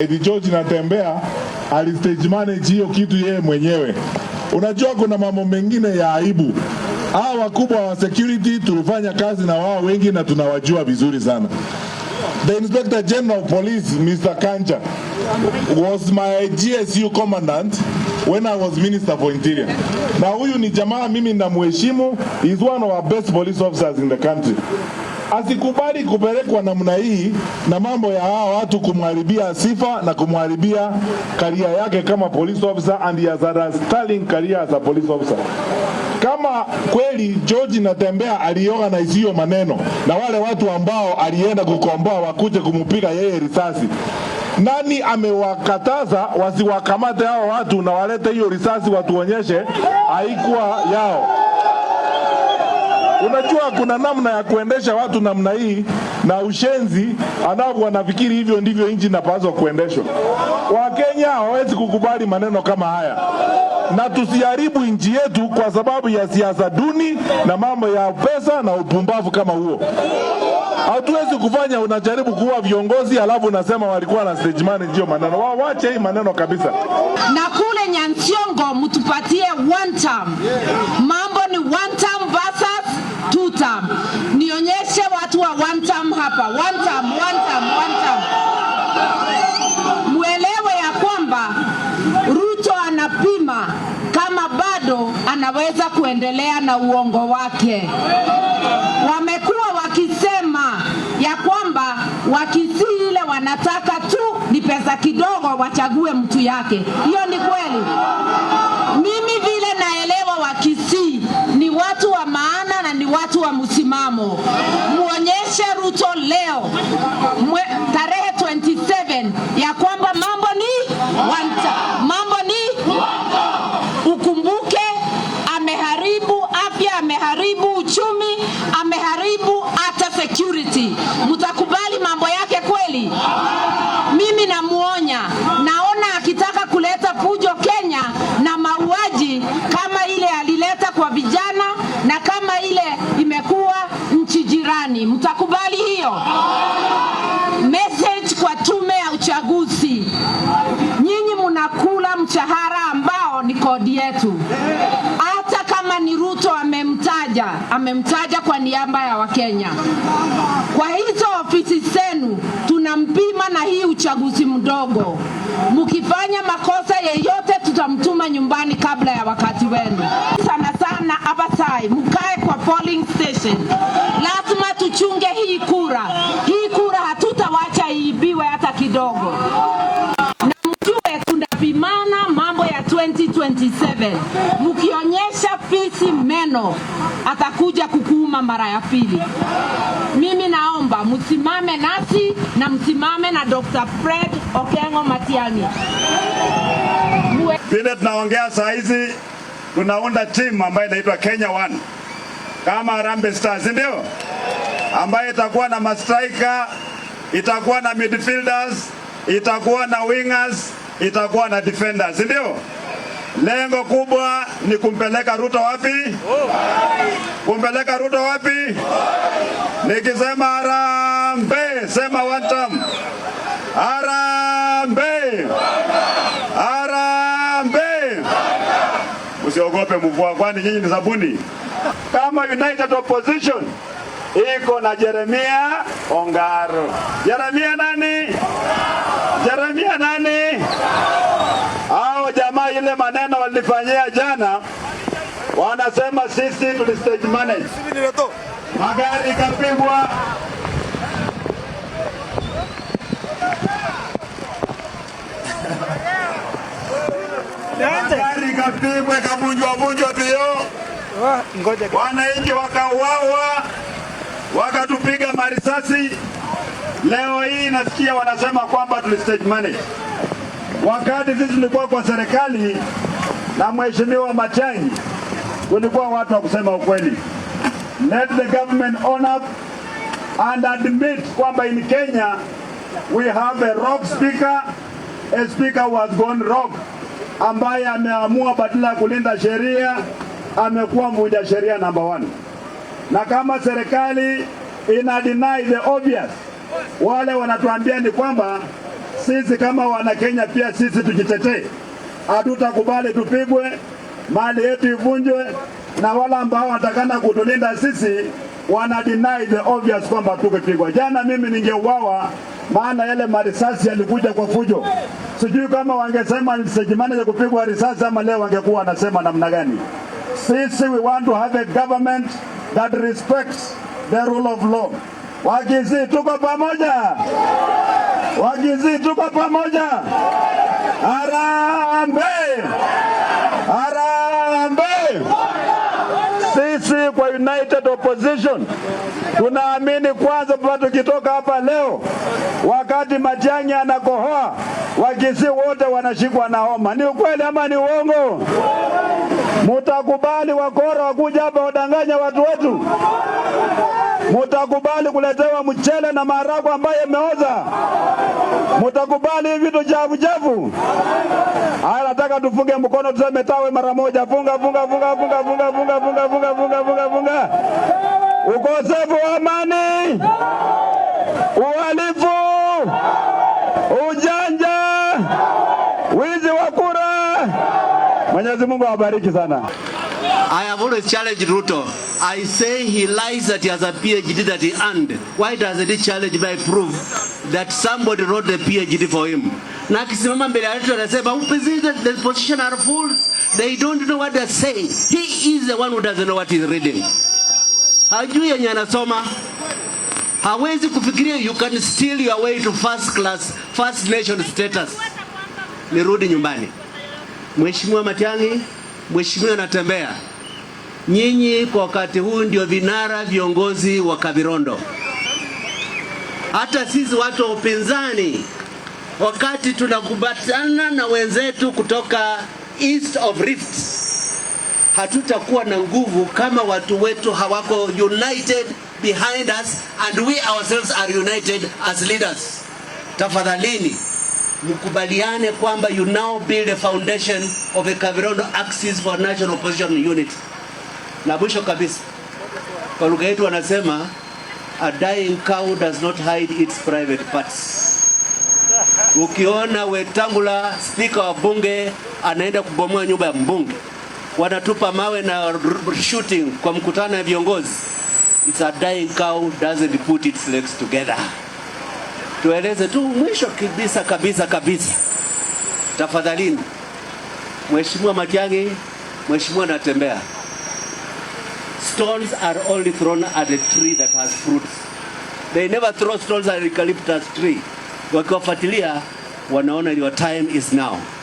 Eddie George Natembea stage manage hiyo kitu yeye mwenyewe. Unajua, kuna mambo mengine ya aibu. Hawa wakubwa wa security tulifanya kazi na wao wengi na tunawajua vizuri sana. The Inspector General of Police Mr. Kanja was my GSU commandant when I was Minister for Interior. Na huyu ni jamaa mimi namheshimu, is one of our best police officers in the country asikubali kupelekwa namna hii na mambo ya hawa watu kumharibia sifa na kumharibia karia yake kama police officer and as a sterling career as a police officer. Kama kweli George Natembea alioga na hiyo maneno na wale watu ambao alienda kukomboa wakuje kumupiga yeye risasi, nani amewakataza wasiwakamate hao watu na walete hiyo risasi watuonyeshe haikuwa yao? Unajua kuna namna ya kuendesha watu namna hii na ushenzi, alafu wanafikiri hivyo ndivyo nchi inapaswa kuendeshwa. Wakenya hawawezi kukubali maneno kama haya, na tusiharibu nchi yetu kwa sababu ya siasa duni na mambo ya pesa na upumbavu kama huo. Hatuwezi kufanya, unajaribu kuwa viongozi alafu unasema walikuwa na stage manager. Ndio maneno wao, wache hii maneno kabisa. Na kule Nyantiongo mtupatie one term. Mambo ni one two term. Nionyeshe watu wa one term hapa, one term, one term, one term. Mwelewe ya kwamba Ruto anapima kama bado anaweza kuendelea na uongo wake. Wamekuwa wakisema ya kwamba wakisii ile wanataka tu ni pesa kidogo wachague mtu yake. Hiyo ni kweli? watu wa msimamo. Muonyeshe Ruto leo wodi yetu. Hata kama ni Ruto amemtaja, amemtaja kwa niaba ya Wakenya. Kwa hizo ofisi zenu tunampima na hii uchaguzi mdogo. Mkifanya makosa yeyote, tutamtuma nyumbani kabla ya wakati wenu. Sana sana abasai, mkae kwa polling station, lazima tuchunge hii kura. Hii kura hatutawacha iibiwe hata kidogo. 27 mkionyesha fisi meno atakuja kukuuma mara ya pili. Mimi naomba msimame nasi na msimame na Dr. Fred Okengo matiani Vile tunaongea saa hizi tunaunda timu ambayo inaitwa Kenya One kama Harambee Stars, ndio ambayo itakuwa na mastriker, itakuwa na midfielders, itakuwa na wingers, itakuwa na defenders, ndio Lengo kubwa ni kumpeleka Ruto wapi? Kumpeleka Ruto wapi? Nikisema arambe, sema one time. Arambe, arambe, Usiogope mvua, kwani nyinyi ni sabuni. Kama United Opposition iko na Jeremia Ongaro. Jeremia nani? walionifanyia jana, wanasema sisi tuli stage manage magari kapigwa magari ikapigwa ikavunjwa vunjwa vio, wananchi wakauawa, wakatupiga marisasi. Leo hii nasikia wanasema kwamba tuli stage manage, wakati sisi tulikuwa kwa serikali na Mheshimiwa Matiang'i tulikuwa watu wa kusema ukweli. Let the government own up and admit kwamba in Kenya we have a rogue speaker, a speaker who has gone rogue, ambaye ameamua badala ya kulinda sheria amekuwa mvunja sheria namba one. Na kama serikali ina deny the obvious, wale wanatuambia ni kwamba sisi kama Wanakenya pia sisi tujitetee hatutakubali tupigwe, mali yetu ivunjwe, na wala ambao wanatakana kutulinda sisi wana deny the obvious kwamba tukipigwa. Jana mimi ningeuawa, maana yale marisasi yalikuja kwa fujo. Sijui kama wangesema ya kupigwa risasi ama leo wangekuwa wanasema namna gani? Sisi we want to have a government that respects the rule of law. Wakizi tuko pamoja, Wakizi tuko pamoja. Ara Harambe! Harambe! Sisi kwa United Opposition tunaamini kwanza, baba, tukitoka hapa leo, wakati Matiang'i anakohoa, Wakisii wote wanashikwa na homa. Ni ukweli ama ni uongo? Mutakubali wakora wakuja hapa wadanganya watu wetu? Mutakubali kuletewa mchele na maharagwe ambayo imeoza? Mutakubali hivi vitu chafu chafu? tunataka tufunge mkono, tuseme tawe mara moja, funga funga funga funga funga funga funga funga funga funga funga. Ukosefu wa amani, uhalifu, ujanja, wizi wa kura. Mwenyezi Mungu awabariki sana. I have always challenged Ruto. I say he lies that he has a PhD that he earned. Why does he challenge by proof that somebody wrote the PhD for him? na akisimama mbele ya watu anasema opposition the position are fools they don't know what they are saying he is the one who doesn't know what he is reading hajui yenye anasoma hawezi kufikiria you can steal your way to first class first nation status nirudi nyumbani mheshimiwa Matiang'i mheshimiwa anatembea nyinyi kwa wakati huu ndio vinara viongozi wa Kavirondo hata sisi watu wa upinzani wakati tunakubatana na wenzetu kutoka East of Rift, hatutakuwa na nguvu kama watu wetu hawako united behind us and we ourselves are united as leaders. Tafadhalini mkubaliane kwamba you now build a foundation of a Kavirondo axis for national opposition unity. Na mwisho kabisa, kwa lugha yetu wanasema a dying cow does not hide its private parts. Ukiona Wetangula, spika wa bunge, anaenda kubomoa nyumba ya mbunge, wanatupa mawe na shooting kwa mkutano ya viongozi, it's a dying cow doesn't put its legs together. Tueleze tu mwisho kabisa kabisa kabisa, tafadhalini Mheshimiwa Matiang'i, Mheshimiwa Natembea, stones are only thrown at a tree that has fruits. They never throw stones at eucalyptus tree wakiwafuatilia wanaona your time is now.